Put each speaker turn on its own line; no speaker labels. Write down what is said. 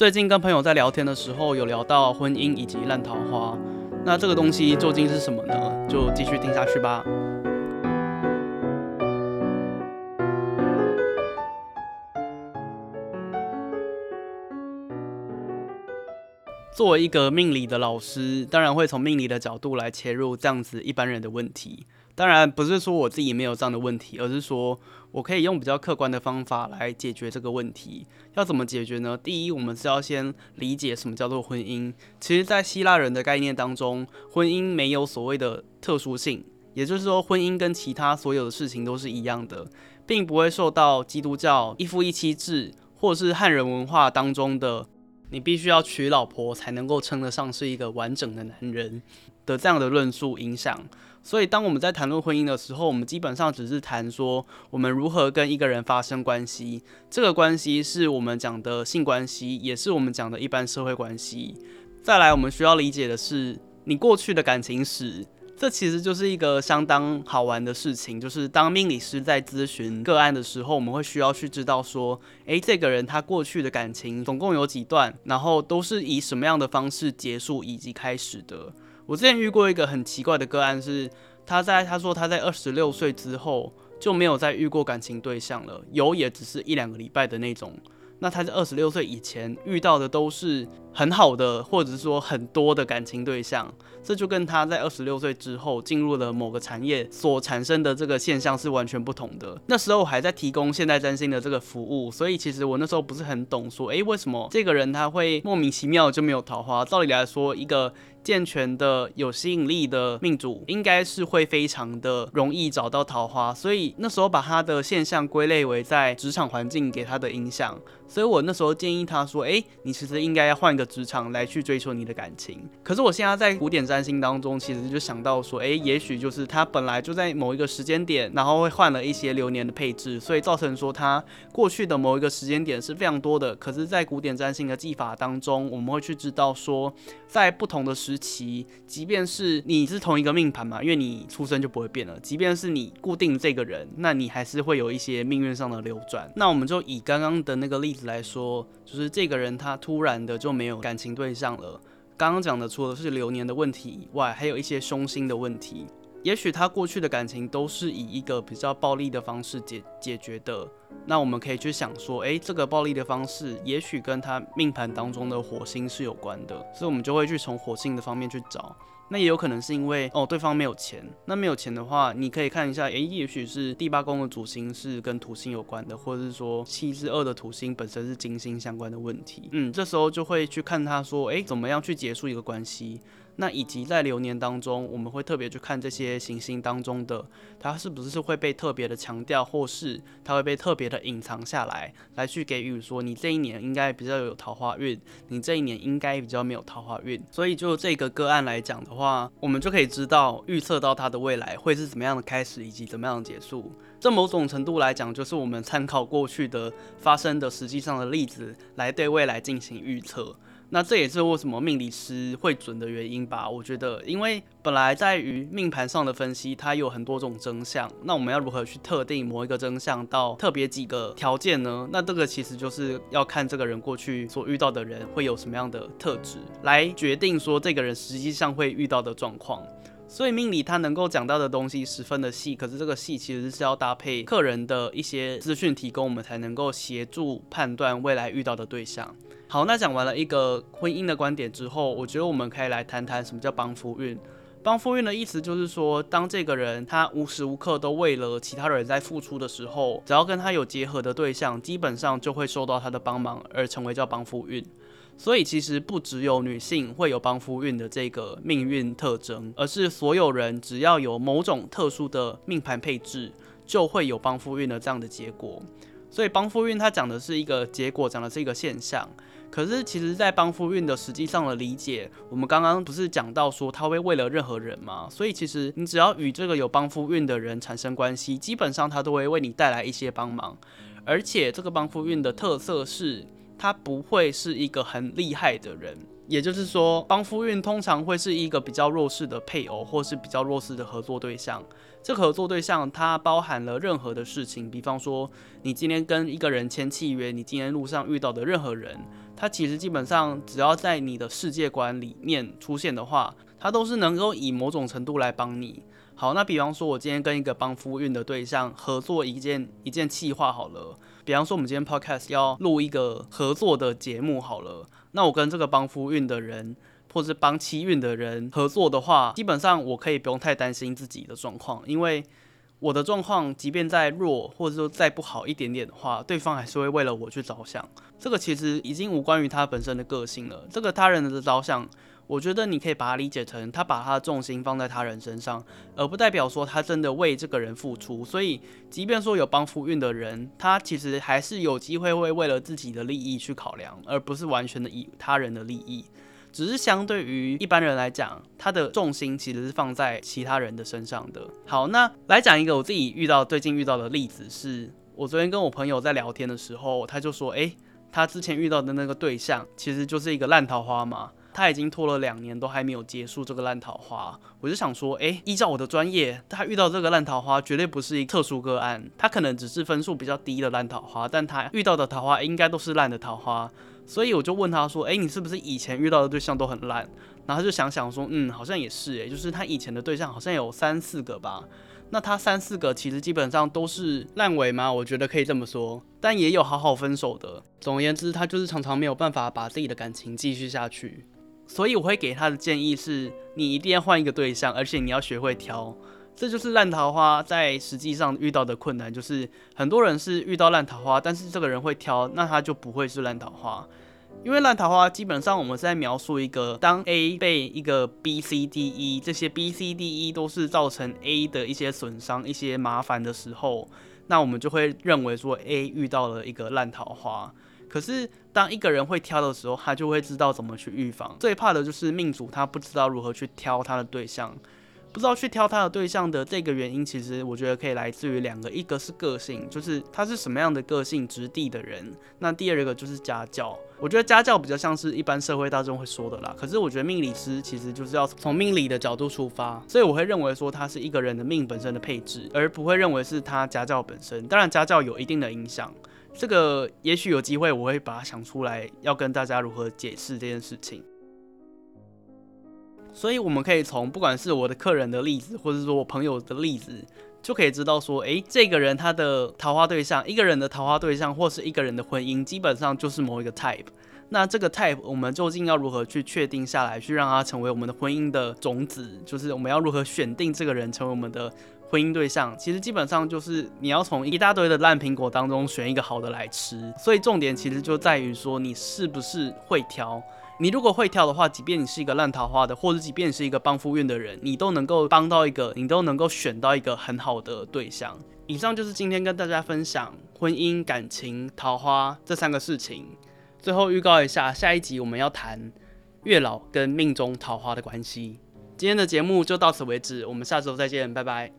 最近跟朋友在聊天的時候，有聊到婚姻以及爛桃花，那這個東西究竟是什麼呢？就繼續聽下去吧。作為一個命理的老師，當然會從命理的角度來切入這樣子一般人的問題。當然不是說我自己沒有這樣的問題，而是說我可以用比較客觀的方法來解決這個問題。要怎麼解決呢？第一，我們是要先理解什麼叫做婚姻。其實，在希臘人的概念當中，婚姻沒有所謂的特殊性，也就是說，婚姻跟其他所有的事情都是一樣的，並不會受到基督教一夫一妻制，或是漢人文化當中的“你必須要娶老婆才能夠稱得上是一個完整的男人”的這樣的論述影響。所以，當我們在談論婚姻的時候，我們基本上只是談說我們如何跟一個人發生關係。這個關係是我們講的性關係，也是我們講的一般社會關係。再來，我們需要理解的是你過去的感情史。這其實就是一個相當好玩的事情，就是當命理師在諮詢個案的時候，我們會需要去知道說，誒，這個人他過去的感情總共有幾段，然後都是以什麼樣的方式結束以及開始的。我之前遇過一個很奇怪的個案是，是他在他說他在二十六歲之後就沒有再遇過感情對象了，有也只是一兩個禮拜的那種。那他在二十六歲以前遇到的都是很好的，或者說很多的感情對象，這就跟他在二十六歲之後進入了某個產業所產生的這個現象是完全不同的。那時候我還在提供現代占星的這個服務，所以其實我那時候不是很懂說，說誒，為什麼這個人他會莫名其妙就沒有桃花？照理來說一個。健全的有吸引力的命主應該是會非常的容易找到桃花，所以那時候把他的現象歸類為在職場環境給他的影響。所以我那時候建議他說：“欸，你其實應該要換一個職場來去追求你的感情。”可是我現在在古典占星當中，其實就想到說：“欸，也許就是他本來就在某一個時間點，然後會換了一些流年的配置，所以造成說他過去的某一個時間點是非常多的。可是，在古典占星的技法當中，我們會去知道說，在不同的時時期，即便是你是同一個命盤嘛，因為你出生就不會變了。即便是你固定這個人，那你還是會有一些命運上的流轉。那我們就以剛剛的那個例子來說，就是這個人他突然的就沒有感情對象了。剛剛講的除了是流年的問題以外，還有一些凶星的問題。也許他過去的感情都是以一個比較暴力的方式解決。解決的，那我們可以去想說，誒，這個暴力的方式也許跟他命盤當中的火星是有關的，所以我們就會去從火星的方面去找。那也有可能是因為哦，對方沒有錢。那沒有錢的話，你可以看一下，誒，也許是第八宮的主星是跟土星有關的，或者是說七至二的土星本身是金星相關的問題。嗯，這時候就會去看他說，誒，怎麼樣去結束一個關係？那以及在流年當中，我們會特別去看這些行星當中的，他是不是會被特別的強調，或是它會被特別的隱藏下來，來去給予說，你這一年應該比較有桃花運，你這一年應該比較沒有桃花運。所以就這個個案來講的話，我們就可以知道預測到它的未來會是怎麼樣的開始以及怎麼樣的結束。這某種程度來講，就是我們參考過去的發生的實際上的例子來對未來進行預測。那這也是為什麼命理師會準的原因吧？我覺得，因為本來在於命盤上的分析，它有很多種徵象。那我們要如何去特定某一個徵象到特別幾個條件呢？那這個其實就是要看這個人過去所遇到的人會有什麼樣的特質，來決定說這個人實際上會遇到的狀況。所以命理他能夠講到的東西十分的細，可是這個細其實是要搭配客人的一些資訊提供，我們才能夠協助判斷未來遇到的對象。好，那講完了一個婚姻的觀點之後，我覺得我們可以來談談什麼叫幫夫運。幫夫運的意思就是說，當這個人他無時無刻都為了其他人在付出的時候，只要跟他有結合的對象，基本上就會受到他的幫忙，而成為叫幫夫運。所以其實不只有女性會有幫夫運的這個命運特徵，而是所有人只要有某種特殊的命盤配置，就會有幫夫運的這樣的結果。所以幫夫運它講的是一個結果，講的是一個現象。可是其實，在幫夫運的實際上的理解，我們剛剛不是講到說他會為了任何人嗎？所以其實你只要與這個有幫夫運的人產生關係，基本上他都會為你帶來一些幫忙。而且這個幫夫運的特色是，他不會是一個很厲害的人，也就是說，幫夫運通常會是一個比較弱勢的配偶，或是比較弱勢的合作對象。這個合作對象，它包含了任何的事情，比方說，你今天跟一個人簽契約，你今天路上遇到的任何人，他其實基本上只要在你的世界觀裡面出現的話，他都是能夠以某種程度來幫你。好，那比方說，我今天跟一個幫夫運的對象合作一件一件企劃好了。比方說，我們今天 podcast 要錄一個合作的節目好了。那我跟這個幫夫運的人，或者是幫妻運的人合作的話，基本上我可以不用太擔心自己的狀況，因為我的狀況即便再弱，或者說再不好一點點的話，對方還是會為了我去着想。這個其實已經無關於他本身的個性了，這個他人的着想。我覺得你可以把它理解成，他把他的重心放在他人身上，而不代表說他真的為這個人付出。所以，即便說有幫夫運的人，他其實還是有機會會為了自己的利益去考量，而不是完全的以他人的利益。只是相對於一般人來講，他的重心其實是放在其他人的身上的。好，那來講一個我自己遇到最近遇到的例子是，是我昨天跟我朋友在聊天的時候，他就說，誒、欸，他之前遇到的那個對象，其實就是一個爛桃花嘛。他已經拖了兩年，都還沒有結束這個爛桃花。我就想說，誒、欸，依照我的專業，他遇到這個爛桃花絕對不是一個特殊個案，他可能只是分數比較低的爛桃花，但他遇到的桃花應該都是爛的桃花。所以我就問他說，誒、欸，你是不是以前遇到的對象都很爛？然後他就想想說，嗯，好像也是、欸，誒，就是他以前的對象好像有三四個吧。那他三四個其實基本上都是爛尾嘛。我覺得可以這麼說，但也有好好分手的。總而言之，他就是常常沒有辦法把自己的感情繼續下去。所以我會給他的建議是，你一定要換一個對象，而且你要學會挑。這就是爛桃花在實際上遇到的困難，就是很多人是遇到爛桃花，但是這個人會挑，那他就不會是爛桃花。因為爛桃花基本上我們是在描述一個，當 A 被一個 B、C、D、E 這些 B、C、D、E 都是造成 A 的一些損傷、一些麻煩的時候，那我們就會認為說 A 遇到了一個爛桃花。可是，當一個人會挑的時候，他就會知道怎麼去預防。最怕的就是命主他不知道如何去挑他的對象，不知道去挑他的對象的這個原因，其實我覺得可以來自於兩個，一個是個性，就是他是什麼樣的個性質地的人；那第二個就是家教。我覺得家教比較像是一般社會大眾會說的啦。可是我覺得命理師其實就是要從命理的角度出發，所以我會認為說他是一個人的命本身的配置，而不會認為是他家教本身。當然，家教有一定的影響。這個也許有機會我會把它想出來，要跟大家如何解釋這件事情。所以我們可以從不管是我的客人的例子，或者說我朋友的例子，就可以知道說，誒，這個人他的桃花對象，一個人的桃花對象，或是一個人的婚姻，基本上就是某一個 type。那這個 type 我們究竟要如何去確定下來，去讓它成為我們的婚姻的種子？就是我們要如何選定這個人成為我們的？婚姻對象其實基本上就是你要從一大堆的爛蘋果當中選一個好的來吃，所以重點其實就在於說你是不是會挑。你如果會挑的話，即便你是一個爛桃花的，或者即便你是一個幫夫運的人，你都能夠幫到一個，你都能夠選到一個很好的對象。以上就是今天跟大家分享婚姻、感情、桃花這三個事情。最後預告一下，下一集我們要談月老跟命中桃花的關係。今天的節目就到此為止，我們下週再見，拜拜。